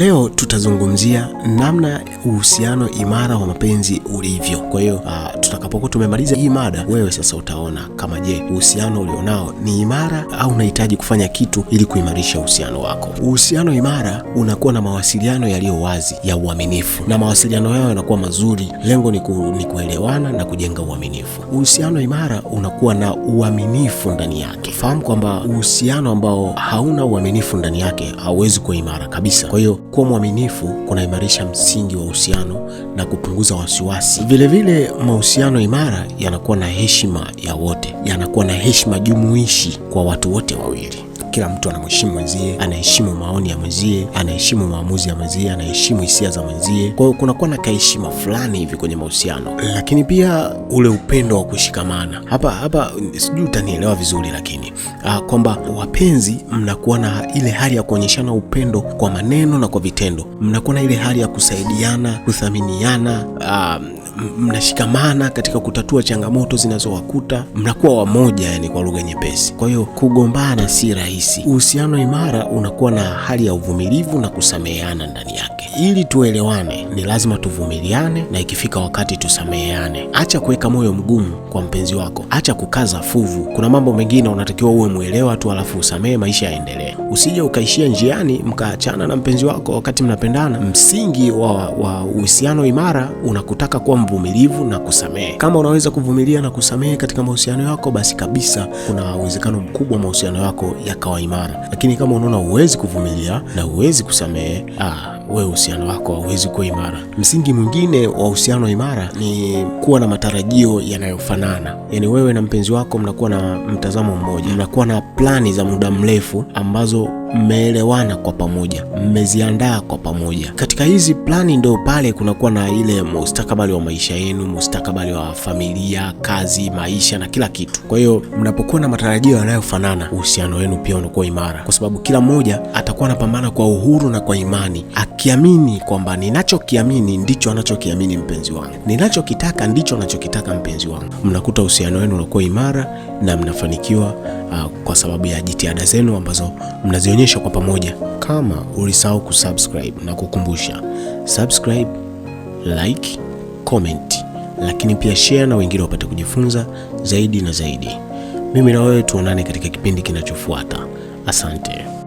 Leo tutazungumzia namna uhusiano imara wa mapenzi ulivyo. Kwa hiyo uh, tutakapokuwa tumemaliza hii mada, wewe sasa utaona kama je, uhusiano ulionao ni imara au unahitaji kufanya kitu ili kuimarisha uhusiano wako. Uhusiano imara unakuwa na mawasiliano yaliyo wazi ya uaminifu, na mawasiliano yao yanakuwa mazuri, lengo ni, ku, ni kuelewana na kujenga uaminifu. Uhusiano imara unakuwa na uaminifu ndani yake. Fahamu kwamba uhusiano ambao hauna uaminifu ndani yake hauwezi kuwa imara kabisa. Kwa hiyo kuwa mwaminifu kunaimarisha msingi wa uhusiano na kupunguza wasiwasi. Vilevile, mahusiano imara yanakuwa na heshima ya wote, yanakuwa na heshima jumuishi kwa watu wote wawili kila mtu anamheshimu mwenzie, anaheshimu maoni ya mwenzie, anaheshimu maamuzi ya mwenzie, anaheshimu hisia za mwenzie. Kwa hiyo kunakuwa na kaheshima fulani hivi kwenye mahusiano, lakini pia ule upendo wa kushikamana. Hapa hapa sijui utanielewa vizuri, lakini ah, kwamba wapenzi mnakuwa na ile hali ya kuonyeshana upendo kwa maneno na kwa vitendo, mnakuwa na ile hali ya kusaidiana, kuthaminiana ah, mnashikamana katika kutatua changamoto zinazowakuta, mnakuwa wamoja, yani kwa lugha nyepesi. Kwa hiyo kugombana si rahisi. Uhusiano imara unakuwa na hali ya uvumilivu na kusameheana ndani yake. Ili tuelewane, ni lazima tuvumiliane na ikifika wakati tusameheane. Acha kuweka moyo mgumu kwa mpenzi wako, acha kukaza fuvu. Kuna mambo mengine unatakiwa uwe mwelewa tu, alafu usamehe, maisha yaendelee. Usije ukaishia njiani mkaachana na mpenzi wako wakati mnapendana. Msingi wa uhusiano imara unakutaka kuwa mvumilivu na kusamehe. Kama unaweza kuvumilia na kusamehe katika mahusiano yako, basi kabisa kuna uwezekano mkubwa mahusiano yako yakawa imara. Lakini kama unaona huwezi kuvumilia na huwezi kusamehe, ah, wewe uhusiano wako hauwezi kuwa imara. Msingi mwingine wa uhusiano imara ni kuwa na matarajio yanayofanana, yaani wewe na mpenzi wako mnakuwa na mtazamo mmoja, mnakuwa na plani za muda mrefu ambazo mmeelewana kwa pamoja, mmeziandaa kwa pamoja. Katika hizi plani ndo pale kunakuwa na ile mustakabali wa maisha yenu, mustakabali wa familia, kazi, maisha na kila kitu. Kwa hiyo mnapokuwa na matarajio yanayofanana, uhusiano wenu pia unakuwa imara, kwa sababu kila mmoja atakuwa anapambana kwa uhuru na kwa imani, akiamini kwamba ninachokiamini ndicho anachokiamini mpenzi wangu, ninachokitaka ndicho anachokitaka mpenzi wangu. Mnakuta uhusiano wenu unakuwa imara na mnafanikiwa uh, kwa sababu ya jitihada zenu ambazo mnazionyesha kwa pamoja. Kama ulisahau kusubscribe na kukumbusha, subscribe, like, comment, lakini pia share na wengine wapate kujifunza zaidi na zaidi. Mimi na wewe tuonane katika kipindi kinachofuata. Asante.